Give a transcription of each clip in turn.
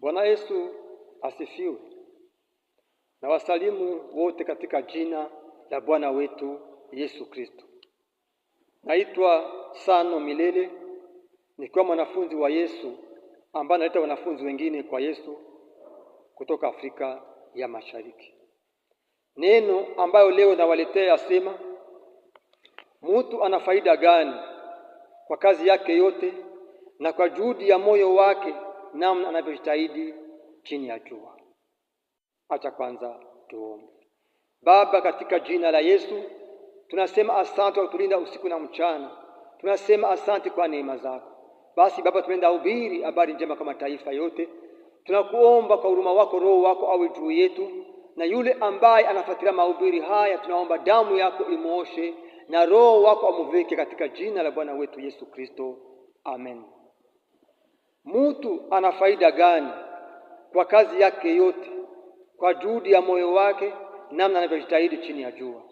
Bwana Yesu asifiwe. Na wasalimu wote katika jina la Bwana wetu Yesu Kristo. Naitwa Sano Milele nikiwa mwanafunzi wa Yesu ambaye analeta wanafunzi wengine kwa Yesu kutoka Afrika ya Mashariki. Neno ambayo leo nawaletea yasema mtu ana faida gani kwa kazi yake yote na kwa juhudi ya moyo wake namna anavyojitahidi chini ya jua. Acha kwanza tuombe. Baba, katika jina la Yesu tunasema asante kwa kutulinda usiku na mchana, tunasema asante kwa neema zako. Basi Baba, tumeenda hubiri habari njema kwa mataifa yote. Tunakuomba kwa huruma wako, Roho wako awe juu yetu, na yule ambaye anafuatilia mahubiri haya, tunaomba damu yako imwoshe na Roho wako amuvike, katika jina la Bwana wetu Yesu Kristo, amen. Mtu ana faida gani kwa kazi yake yote, kwa juhudi ya moyo wake, namna anavyojitahidi chini ya jua?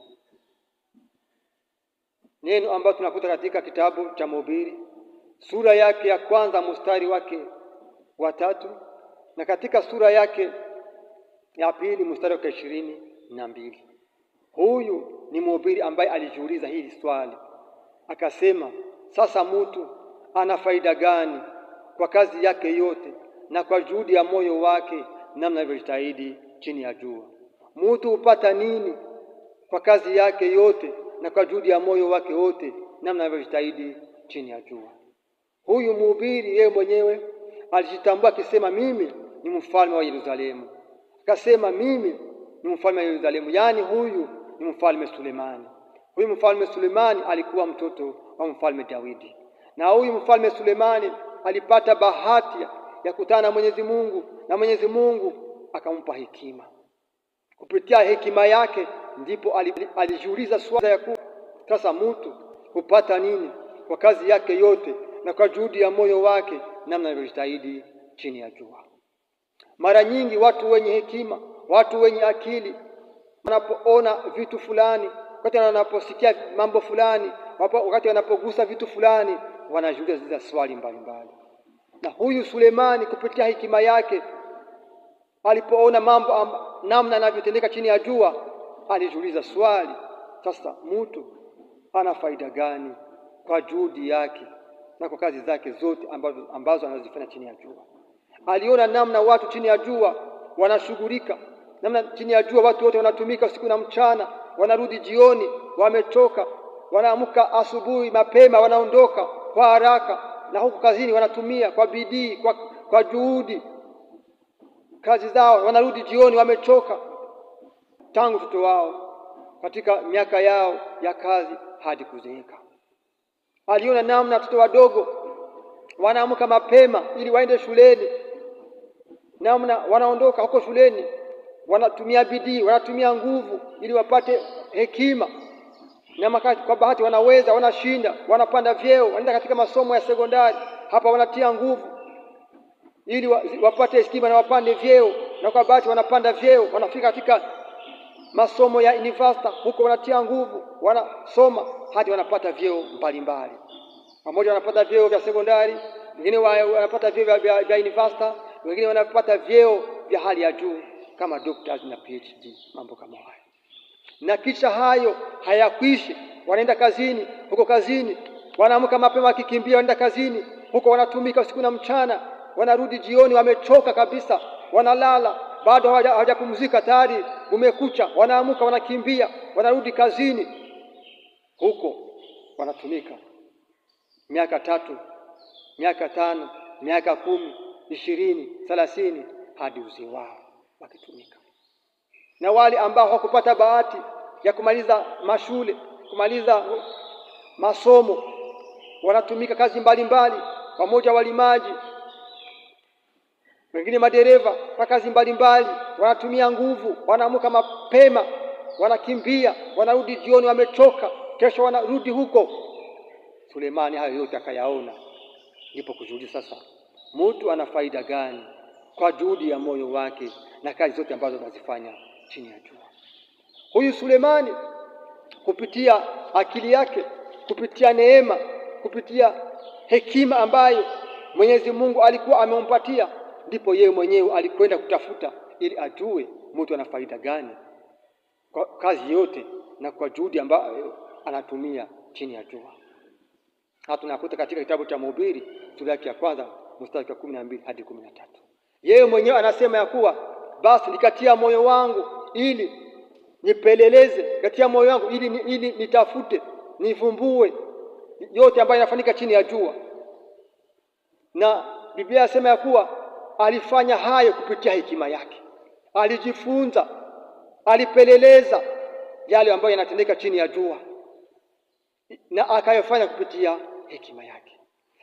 Neno ambalo tunakuta katika kitabu cha Mhubiri sura yake ya kwanza mstari wake wa tatu na katika sura yake ya pili mstari wake ishirini na mbili. Huyu ni mhubiri ambaye alijiuliza hili swali akasema, sasa mtu ana faida gani kwa kazi yake yote na kwa juhudi ya moyo wake, namna alivyojitahidi chini ya jua. Mtu hupata nini kwa kazi yake yote na kwa juhudi ya moyo wake wote, namna alivyojitahidi chini ya jua? Huyu mhubiri yeye mwenyewe alijitambua akisema, mimi ni mfalme wa Yerusalemu, akasema mimi ni mfalme wa Yerusalemu, yaani huyu ni mfalme Sulemani. Huyu mfalme Sulemani alikuwa mtoto wa mfalme Daudi, na huyu mfalme Sulemani alipata bahati ya kutana na Mwenyezi Mungu na Mwenyezi Mungu akampa hekima. Kupitia hekima yake ndipo alijiuliza swali ya ku sasa mtu hupata nini kwa kazi yake yote na kwa juhudi ya moyo wake namna alivyojitahidi chini ya jua. Mara nyingi watu wenye hekima, watu wenye akili wanapoona vitu fulani, wakati wanaposikia mambo fulani, wakati wanapogusa vitu fulani wanajiuliza swali mbalimbali. Na huyu Sulemani kupitia hekima yake alipoona mambo amba, namna yanavyotendeka chini ya jua, alijiuliza swali, sasa mtu ana faida gani kwa juhudi yake na kwa kazi zake zote ambazo, ambazo anazifanya chini ya jua. Aliona namna watu chini ya jua wanashughulika, namna chini ya jua watu wote wanatumika usiku na mchana, wanarudi jioni wamechoka, wanaamka asubuhi mapema, wanaondoka kwa haraka, na huku kazini wanatumia kwa bidii, kwa, kwa juhudi kazi zao, wanarudi jioni wamechoka tangu utoto wao katika miaka yao ya kazi hadi kuzeeka. Aliona namna watoto wadogo wanaamka mapema ili waende shuleni, namna wanaondoka huko shuleni, wanatumia bidii, wanatumia nguvu ili wapate hekima na makati kwa bahati wanaweza, wanashinda, wanapanda vyeo, wanaenda katika masomo ya sekondari hapa, wanatia nguvu ili wapate heshima na wapande vyeo, na kwa bahati wanapanda vyeo, wanafika katika masomo ya university, huko wanatia nguvu, wanasoma hadi wanapata vyeo mbalimbali. Pamoja wanapata vyeo vya sekondari, wengine wanapata vyeo vya, vya, vya university, wengine wanapata vyeo vya hali ya juu kama doctors na PhD, mambo kama hayo na kisha hayo hayakwishi, wanaenda kazini, huko kazini wanaamka mapema wakikimbia, wanaenda kazini, huko wanatumika usiku na mchana, wanarudi jioni wamechoka kabisa, wanalala bado hawajapumzika, tayari umekucha, wanaamka wanakimbia, wanarudi kazini, huko wanatumika miaka tatu, miaka tano, miaka kumi, ishirini, thelathini hadi uzee wao wakitumika na wale ambao hawakupata bahati ya kumaliza mashule kumaliza masomo wanatumika kazi mbalimbali pamoja walimaji wengine madereva kwa kazi mbalimbali wanatumia nguvu wanaamuka mapema wanakimbia wanarudi jioni wamechoka kesho wanarudi huko Sulemani hayo yote akayaona ndipo kujuhudi sasa mtu ana faida gani kwa juhudi ya moyo wake na kazi zote ambazo anazifanya chini ya jua. Huyu Sulemani kupitia akili yake, kupitia neema, kupitia hekima ambayo Mwenyezi Mungu alikuwa amempatia, ndipo yeye mwenyewe alikwenda kutafuta ili ajue mtu ana faida gani kwa kazi yote na kwa juhudi ambayo anatumia chini ya jua. Na tunakuta katika kitabu cha Mhubiri sura ya kwanza mstari wa kumi na mbili hadi kumi na tatu yeye mwenyewe anasema ya kuwa basi nikatia moyo wangu ili nipeleleze, nikatia moyo wangu ili, ili nitafute nivumbue yote ambayo inafanyika chini ya jua. Na Biblia yasema ya kuwa alifanya hayo kupitia hekima yake, alijifunza, alipeleleza yale ambayo yanatendeka chini ya jua na akayofanya kupitia hekima yake.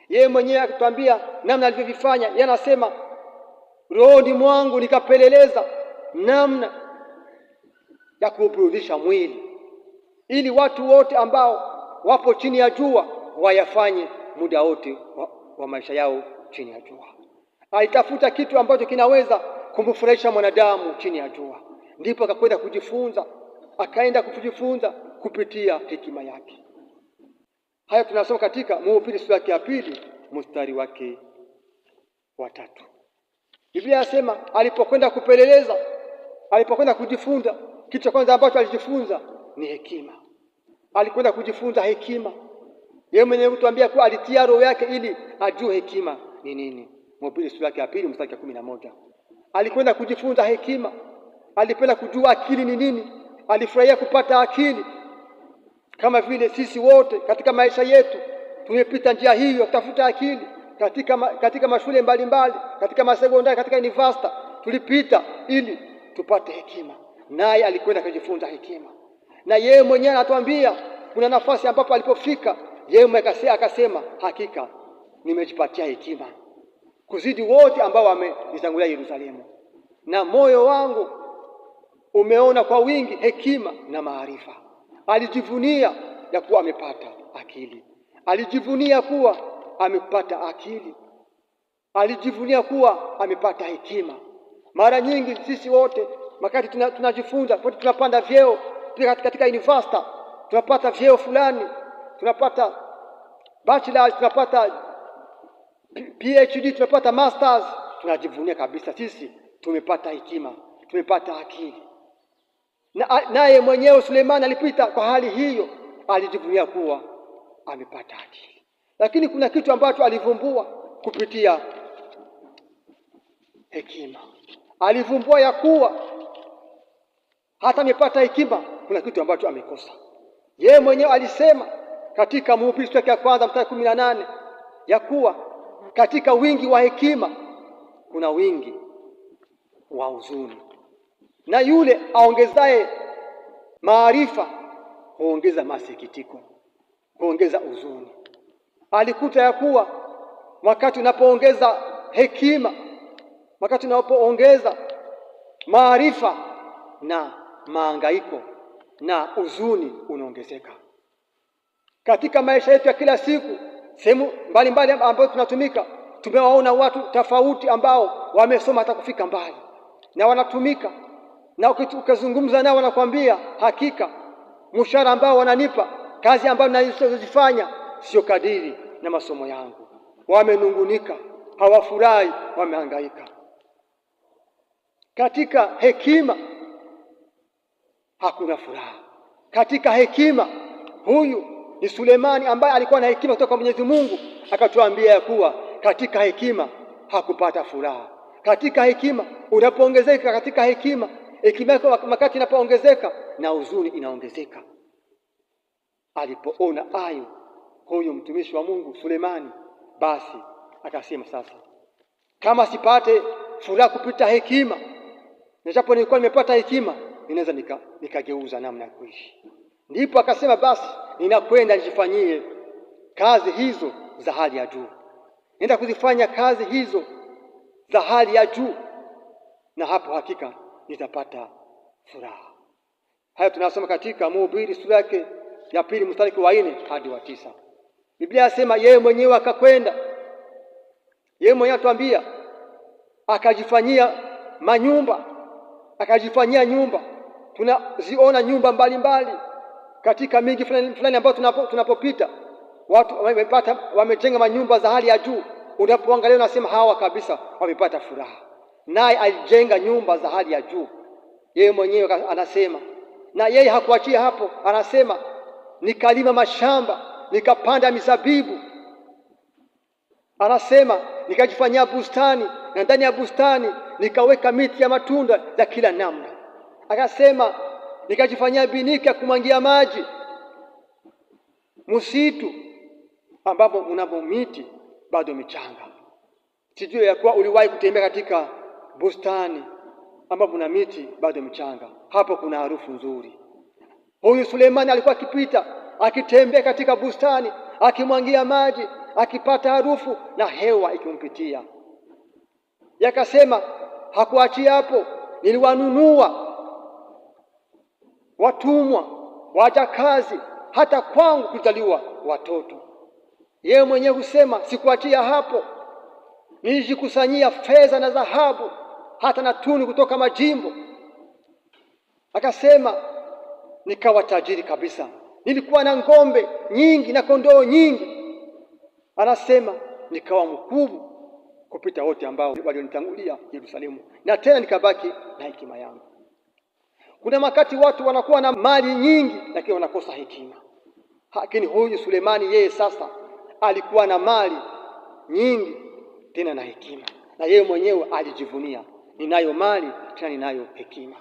Yeye mwenyewe akituambia namna alivyovifanya, yanasema rohoni mwangu nikapeleleza namna ya kuuburudisha mwili, ili watu wote ambao wapo chini ya jua wayafanye muda wote wa, wa maisha yao chini ya jua. Alitafuta kitu ambacho kinaweza kumfurahisha mwanadamu chini ya jua, ndipo akakwenda kujifunza, akaenda kujifunza kupitia hekima yake. Haya tunasoma katika Mhubiri sura yake ya pili mstari wake wa tatu. Biblia yasema alipokwenda kupeleleza, alipokwenda kujifunza, kitu cha kwanza ambacho alijifunza ni hekima. Alikwenda kujifunza hekima, yeye mwenyewe kutuambia kuwa alitia roho yake ili ajue hekima ni nini. Mhubiri sura yake ya pili mstari wa kumi na moja. Alikwenda kujifunza hekima, alipenda kujua akili ni nini, alifurahia kupata akili. Kama vile sisi wote katika maisha yetu tumepita njia hiyo ya kutafuta akili katika, katika mashule mbalimbali mbali, katika masekondari katika university tulipita ili tupate hekima, naye alikwenda kujifunza hekima, na yeye mwenyewe anatuambia kuna nafasi ambapo alipofika yeye akasema, hakika nimejipatia hekima kuzidi wote ambao wamenitangulia Yerusalemu, na moyo wangu umeona kwa wingi hekima na maarifa. Alijivunia ya kuwa amepata akili, alijivunia kuwa amepata akili, alijivunia kuwa amepata hekima. Mara nyingi sisi wote wakati tunajifunza tuna tunapanda vyeo katika university tunapata vyeo fulani, tunapata bachelor, tunapata PhD, tunapata masters, tunajivunia kabisa sisi tumepata hekima, tumepata akili. Naye na mwenyewe Suleimani alipita kwa hali hiyo, alijivunia kuwa amepata akili lakini kuna kitu ambacho alivumbua kupitia hekima. Alivumbua ya kuwa hata amepata hekima, kuna kitu ambacho amekosa. Yeye mwenyewe alisema katika Mhubiri sura ya kwanza mstari kumi na nane ya kuwa katika wingi wa hekima kuna wingi wa huzuni, na yule aongezaye maarifa huongeza masikitiko, huongeza huzuni alikuta ya kuwa wakati unapoongeza hekima, wakati unapoongeza maarifa na maangaiko na huzuni unaongezeka katika maisha yetu ya kila siku. Sehemu mbalimbali ambayo tunatumika, tumewaona watu tofauti ambao wamesoma hata kufika mbali na wanatumika, na ukizungumza nao wanakwambia, hakika mshahara ambao wananipa, kazi ambayo ninazozifanya sio kadiri na masomo yangu. Wamenungunika, hawafurahi, wamehangaika. Katika hekima hakuna furaha. Katika hekima, huyu ni Sulemani ambaye alikuwa na hekima kutoka kwa Mwenyezi Mungu, akatuambia ya kuwa katika hekima hakupata furaha. Katika hekima unapoongezeka, katika hekima hekima yako wakati inapoongezeka na huzuni inaongezeka. Alipoona ayo huyu mtumishi wa Mungu Sulemani. Basi akasema sasa, kama sipate furaha kupita hekima, na nilikuwa nimepata hekima, ninaweza nikageuza nika namna ya kuishi. Ndipo akasema basi, ninakwenda nijifanyie kazi hizo za hali ya juu, nenda kuzifanya kazi hizo za hali ya juu, na hapo hakika nitapata furaha. Haya tunasoma katika Mhubiri sura yake ya pili mstari wa nne hadi wa tisa. Biblia yasema yeye mwenyewe akakwenda, yeye mwenyewe atuambia, akajifanyia manyumba, akajifanyia nyumba. Tunaziona nyumba mbalimbali mbali katika miji fulani fulani ambayo tunapo, tunapopita watu wamepata wamejenga manyumba za hali ya juu. Unapoangalia unasema hawa kabisa wamepata furaha, naye alijenga nyumba za hali ya juu. Yeye mwenyewe anasema, na yeye hakuachia hapo, anasema nikalima mashamba nikapanda mizabibu, anasema nikajifanyia bustani, na ndani ya bustani nikaweka miti ya matunda ya kila namna. Akasema nikajifanyia binika ya kumwangia maji, msitu ambapo unapo miti bado michanga. Sijui ya kuwa uliwahi kutembea katika bustani ambapo una miti bado michanga, hapo kuna harufu nzuri. Huyu Suleimani alikuwa akipita akitembea katika bustani, akimwangia maji, akipata harufu na hewa ikimpitia. Yakasema, hakuachia hapo, niliwanunua watumwa, wajakazi, hata kwangu kuzaliwa watoto. Yeye mwenyewe husema, sikuachia hapo, nilijikusanyia fedha na dhahabu, hata na tunu kutoka majimbo. Akasema, nikawa tajiri kabisa nilikuwa na ng'ombe nyingi na kondoo nyingi. Anasema nikawa mkubwa kupita wote ambao walionitangulia Yerusalemu, na tena nikabaki na hekima yangu. Kuna makati watu wanakuwa na mali nyingi, lakini wanakosa hekima. Lakini huyu Sulemani yeye sasa alikuwa na mali nyingi tena na hekima, na yeye mwenyewe alijivunia, ninayo mali tena ninayo hekima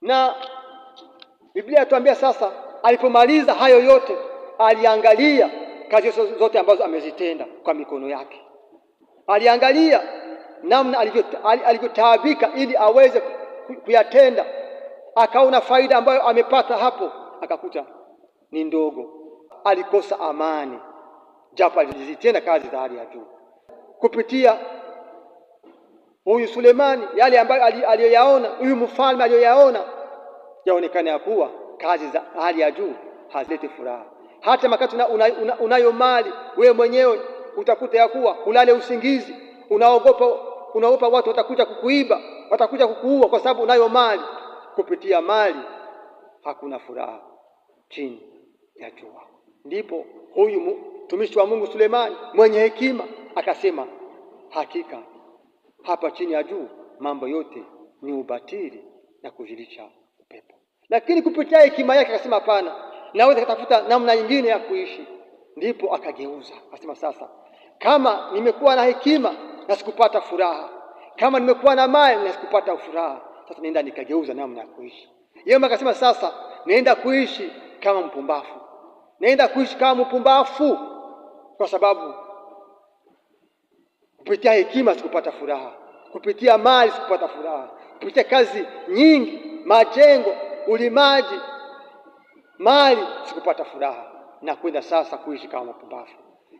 na Biblia yatuambia sasa, alipomaliza hayo yote aliangalia kazi zote ambazo amezitenda kwa mikono yake, aliangalia namna alivyotaabika ili aweze kuyatenda, akaona faida ambayo amepata hapo, akakuta ni ndogo. Alikosa amani, japo alizitenda kazi za hali ya juu. Kupitia huyu Sulemani, yale ambayo aliyoyaona, huyu mfalme aliyoyaona yaonekana ya kuwa kazi za hali ya juu hazileti furaha. Hata makati una, una, una mali wewe mwenyewe utakuta ya kuwa ulale usingizi, unaogopa unaogopa watu watakuja kukuiba, watakuja kukuua kwa sababu unayo mali. Kupitia mali hakuna furaha chini ya jua. Ndipo huyu mtumishi wa Mungu Sulemani mwenye hekima akasema, hakika hapa chini ya juu mambo yote ni ubatili na kujilisha lakini kupitia hekima yake akasema hapana, naweza kutafuta namna nyingine ya kuishi. Ndipo akageuza akasema, sasa kama nimekuwa na hekima na sikupata furaha, kama nimekuwa na mali na sikupata furaha, sasa nenda nikageuza namna ya kuishi. Yeye akasema, sasa naenda kuishi kama mpumbafu, naenda kuishi kama mpumbafu kwa sababu kupitia hekima sikupata furaha, kupitia mali sikupata furaha, kupitia kazi nyingi, majengo ulimaji, mali, sikupata furaha na kwenda sasa kuishi kama mapumbavu.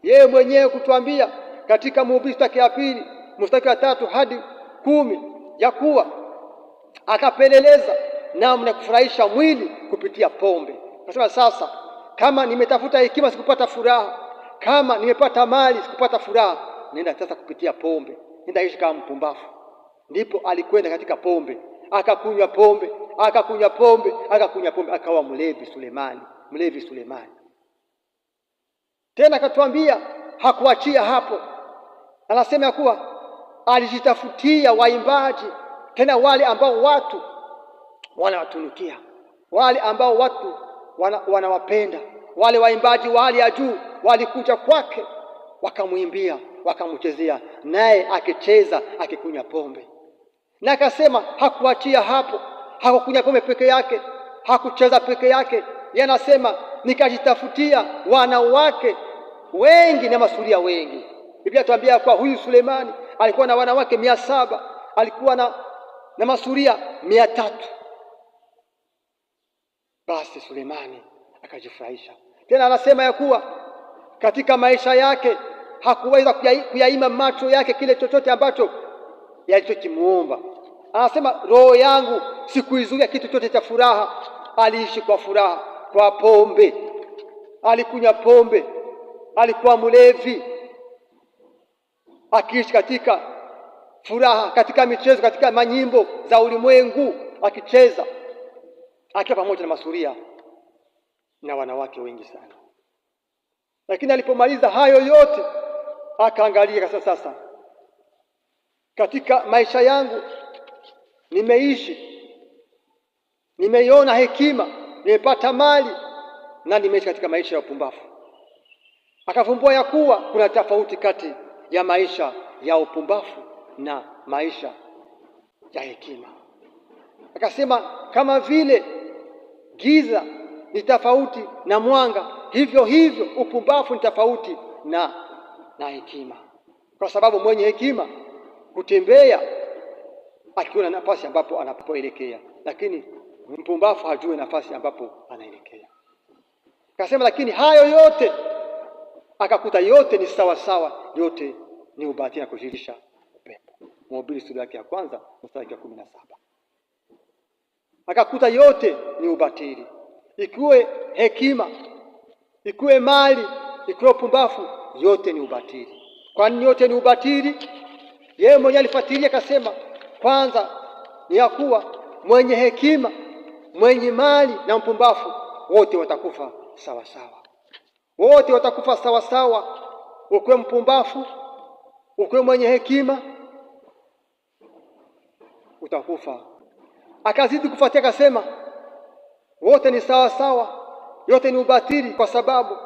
Yeye mwenyewe kutuambia katika Mhubiri staki ya pili mstari wa tatu hadi kumi ya kuwa akapeleleza namna ya kufurahisha mwili kupitia pombe. Nasema sasa, kama nimetafuta hekima sikupata furaha, kama nimepata mali sikupata furaha, nenda sasa kupitia pombe, nenda ishi kama mpumbavu. Ndipo alikwenda katika pombe akakunywa pombe, akakunywa pombe, akakunywa pombe, akawa mlevi Sulemani, mlevi Sulemani. Tena akatuambia hakuachia hapo, anasema ya kuwa alijitafutia waimbaji, tena wale ambao watu wanawatunukia, wale ambao watu wanawapenda, wana wale waimbaji wa hali ya juu walikuja kwake, wakamwimbia, wakamchezea, naye akicheza, akikunywa pombe na akasema hakuachia hapo, hakukunywa pombe peke yake, hakucheza peke yake. Yanasema nikajitafutia wanawake wengi na masuria wengi. Biblia tuambia kwa huyu Sulemani alikuwa na wanawake mia saba alikuwa na, na masuria mia tatu. Basi Sulemani akajifurahisha tena. Anasema ya kuwa katika maisha yake hakuweza kuyaima macho yake kile chochote ambacho yalichokimuomba anasema roho yangu sikuizuia kitu chote cha furaha. Aliishi kwa furaha, kwa pombe, alikunywa pombe, alikuwa mlevi, akiishi katika furaha, katika michezo, katika manyimbo za ulimwengu, akicheza, akiwa pamoja na masuria na wanawake wengi sana. Lakini alipomaliza hayo yote, akaangalia sasa, sasa katika maisha yangu nimeishi, nimeiona hekima, nimepata mali na nimeishi katika maisha ya upumbavu. Akavumbua ya kuwa kuna tofauti kati ya maisha ya upumbavu na maisha ya hekima. Akasema kama vile giza ni tofauti na mwanga, hivyo hivyo upumbavu ni tofauti na na hekima, kwa sababu mwenye hekima kutembea akiona nafasi ambapo anapoelekea, lakini mpumbavu hajue nafasi ambapo anaelekea. Akasema, lakini hayo yote akakuta yote ni sawa sawa, yote ni ubahati na kujirisha upepo. Mhubiri sura yake ya kwanza mstari wa kumi na saba akakuta yote ni ubatili, ikiwe hekima, ikiwe mali, ikiwe upumbavu, yote ni ubatili. nini yote ni ubatili? Yeye mwenyewe alifuatilia akasema kwanza ni ya kuwa mwenye hekima, mwenye mali na mpumbafu wote watakufa sawa sawa, wote watakufa sawa sawa, ukuwe mpumbafu, ukuwe mwenye hekima, utakufa. Akazidi kufuatia akasema, wote ni sawa sawa, yote ni ubatili, kwa sababu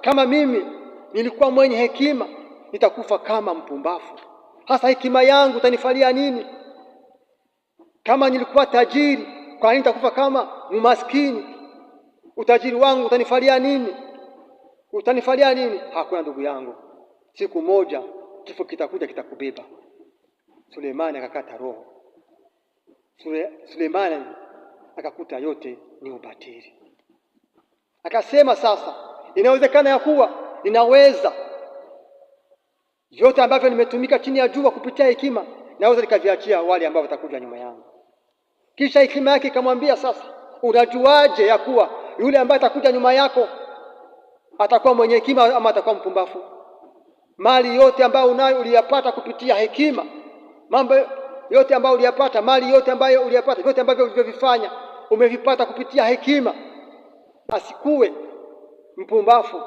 kama mimi nilikuwa mwenye hekima nitakufa kama mpumbafu Hasa hekima yangu utanifalia nini? Kama nilikuwa tajiri, kwa nini nitakufa kama umaskini? Utajiri wangu utanifalia nini? Utanifalia nini? Hakuna ndugu yangu, siku moja kifo kitakuja, kitakubeba. suleimani akakata roho. Sule, akakuta yote ni ubatili. Akasema sasa, inawezekana ya kuwa ninaweza yote ambavyo nimetumika chini ya jua kupitia hekima naweza nikaviachia wale ambao watakuja nyuma yangu. Kisha hekima yake ikamwambia, sasa unajuaje ya kuwa yule ambaye atakuja nyuma yako atakuwa mwenye hekima ama atakuwa mpumbafu? Mali yote ambayo unayo uliyapata kupitia hekima, mambo yote ambayo uliyapata, mali yote ambayo uliyapata, vyote ambavyo ulivyovifanya umevipata kupitia hekima. Asikuwe mpumbafu,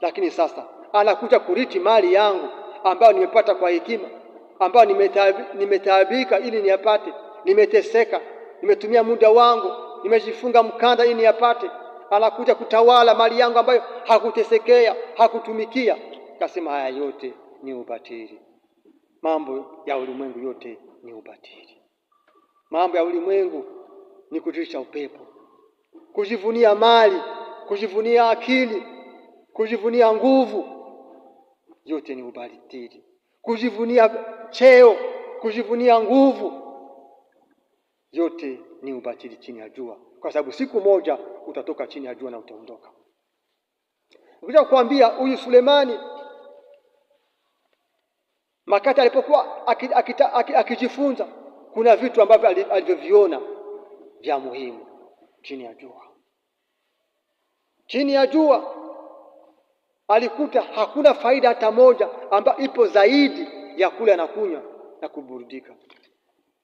lakini sasa anakuja kuriti mali yangu ambayo nimepata kwa hekima ambayo nimetaabika ili niyapate, nimeteseka, nimetumia muda wangu, nimejifunga mkanda ili niyapate. Anakuja kutawala mali yangu ambayo hakutesekea, hakutumikia. Kasema haya yote ni ubatili, mambo ya ulimwengu yote ni ubatili, mambo ya ulimwengu ni kutisha upepo, kujivunia mali, kujivunia akili, kujivunia nguvu, yote ni ubatili kujivunia cheo, kujivunia nguvu, yote ni ubatili chini ya jua, kwa sababu siku moja utatoka chini ya jua na utaondoka. Nikuja kuambia huyu Sulemani Makati alipokuwa akijifunza, kuna vitu ambavyo alivyoviona vya muhimu chini ya jua, chini ya jua alikuta hakuna faida hata moja ambayo ipo zaidi ya kula na kunywa na kuburudika.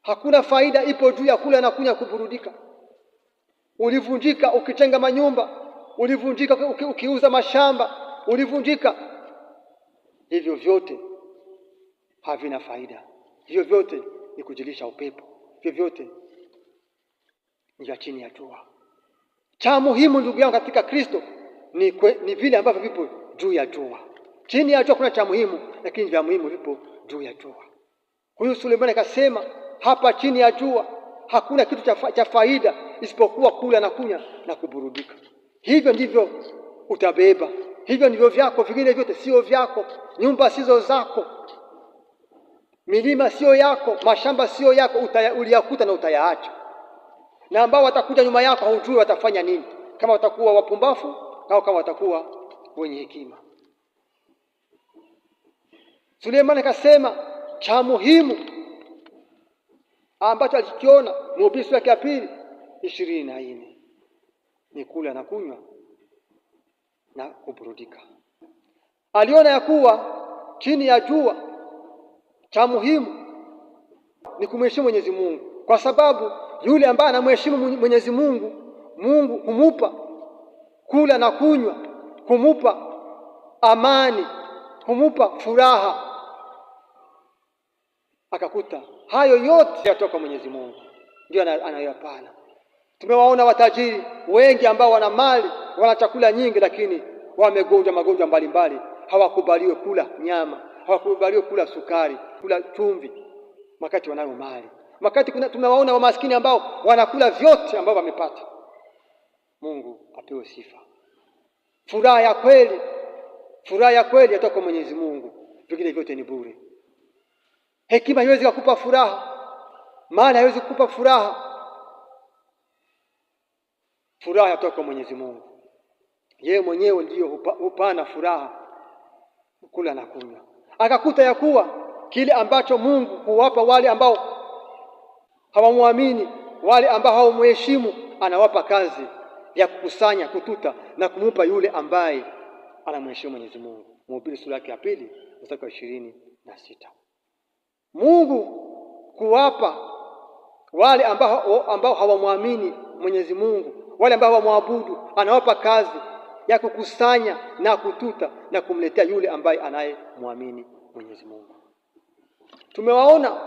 Hakuna faida ipo juu ya kula na kunywa kuburudika. Ulivunjika ukitenga manyumba, ulivunjika uki, ukiuza mashamba, ulivunjika. Hivyo vyote havina faida, hivyo vyote ni kujilisha upepo, hivyo vyote ni ya chini ya jua. Cha muhimu ndugu yangu katika Kristo ni, kwe, ni vile ambavyo vipo juu ya jua. Chini ya jua kuna cha muhimu, lakini vya muhimu vipo juu ya jua. Huyu Suleimani akasema hapa chini ya jua hakuna kitu cha, cha faida isipokuwa kula na kunywa na kuburudika. Hivyo ndivyo utabeba, hivyo ndivyo vyako, vingine vyote sio vyako, nyumba sizo zako, milima sio yako, mashamba sio yako, utaya, uliyakuta na utayaacha. Na ambao watakuja nyuma yako haujui watafanya nini, kama watakuwa wapumbafu au kama watakuwa wenye hekima. Suleimani akasema cha muhimu ambacho alikiona Mhubiri wake ya pili ishirini na nne ni kula na kunywa na kuburudika. Aliona ya kuwa chini ya jua cha muhimu ni kumheshimu Mwenyezi Mungu, kwa sababu yule ambaye anamheshimu Mwenyezi Mungu, Mungu humupa kula na kunywa humupa amani, humupa furaha, akakuta hayo yote yatoka Mwenyezi Mungu, ndio anayoyapana. Tumewaona watajiri wengi ambao wana mali, wana chakula nyingi, lakini wamegonjwa magonjwa mbalimbali, hawakubaliwe kula nyama, hawakubaliwe kula sukari, kula chumvi, wakati wanayo mali. Wakati tumewaona wamaskini ambao wanakula vyote ambao wamepata. Mungu apewe sifa. Furaha ya kweli, furaha ya kweli yatoka kwa Mwenyezi Mungu, vingine vyote ni bure. Hekima haiwezi kukupa furaha, mali haiwezi kukupa furaha. Furaha yatoka kwa Mwenyezi Mungu, yeye mwenyewe ndiyo hupana furaha kula na kunywa, akakuta ya kuwa kile ambacho Mungu huwapa wale ambao hawamwamini, wale ambao hawamheshimu, anawapa kazi ya kukusanya, kututa na kumupa yule ambaye anamheshimu Mwenyezi Mungu. Mhubiri sura yake ya pili mstari wa ishirini na sita. Mungu kuwapa wale ambao, ambao hawamwamini Mwenyezi Mungu, wale ambao hawamwabudu, anawapa kazi ya kukusanya na kututa na kumletea yule ambaye anayemwamini Mwenyezi Mungu. Tumewaona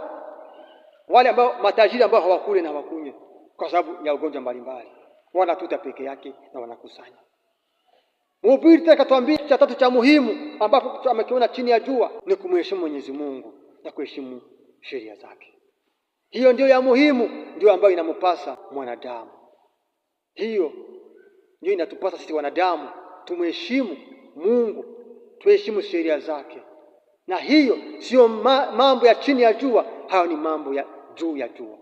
wale ambao matajiri ambao hawakule na hawakunywe kwa sababu ya ugonjwa mbalimbali wanatuta peke yake na wanakusanya. Mhubiri tena akatuambia cha tatu cha muhimu ambapo amekiona chini ya jua ni kumheshimu Mwenyezi Mungu na kuheshimu sheria zake. Hiyo ndiyo ya muhimu, ndio ambayo inampasa mwanadamu. Hiyo ndio inatupasa sisi wanadamu, tumheshimu Mungu, tuheshimu sheria zake, na hiyo sio ma mambo ya chini ya jua, hayo ni mambo ya juu ya jua.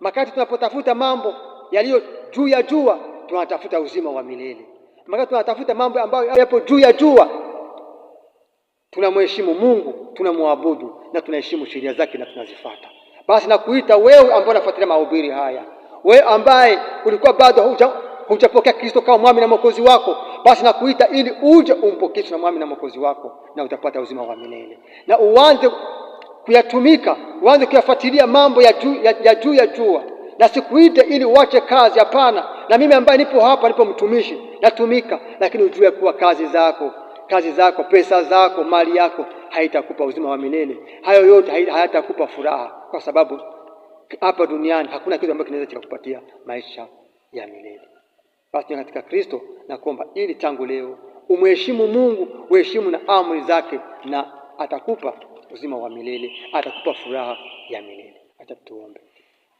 Makati tunapotafuta mambo yaliyo juu ya jua, tunatafuta uzima wa milele. Maana tunatafuta mambo ambayo yapo juu ya jua. Tunamheshimu Mungu, tunamwabudu na tunaheshimu sheria zake na tunazifata Basi nakuita wewe ambaye unafuatilia mahubiri haya, wewe ambaye ulikuwa bado hujapokea Kristo kama mwami na mwokozi wako, basi nakuita ili uje umpokee na mwami na mwokozi wako, na utapata uzima wa milele na uanze kuyatumika, uanze kuyafuatilia mambo ya juu ya jua na sikuita ili uache kazi. Hapana, na mimi ambaye nipo hapa, nipo mtumishi, natumika, lakini ujue kuwa kazi zako kazi zako, pesa zako, mali yako haitakupa uzima wa milele. Hayo yote hayatakupa furaha, kwa sababu hapa duniani hakuna kitu ambacho kinaweza kikakupatia maisha ya milele. Basi katika Kristo nakuomba ili tangu leo umheshimu Mungu, uheshimu na amri zake, na atakupa uzima wa milele, atakupa furaha ya milele. Acha tuombe.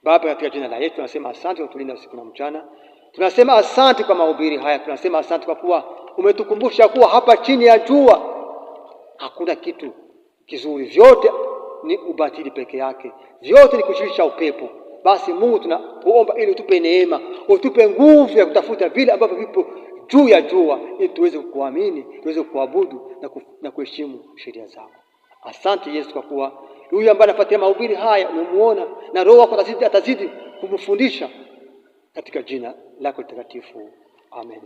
Baba, katika jina la Yesu tunasema asante kwa kutulinda usiku na mchana. Tunasema asante kwa mahubiri haya. Tunasema asante kwa kuwa umetukumbusha kuwa hapa chini ya jua hakuna kitu kizuri, vyote ni ubatili peke yake, vyote ni kushirisha upepo. Basi Mungu tunakuomba ili utupe neema, utupe nguvu ya kutafuta vile ambavyo vipo juu ya jua, ili tuweze kuamini, tuweze kuabudu na kuheshimu sheria zako. Asante Yesu kwa kuwa Huyu ambaye anapatia mahubiri haya umemuona, na Roho wako atazidi kumfundisha katika jina lako takatifu, amen.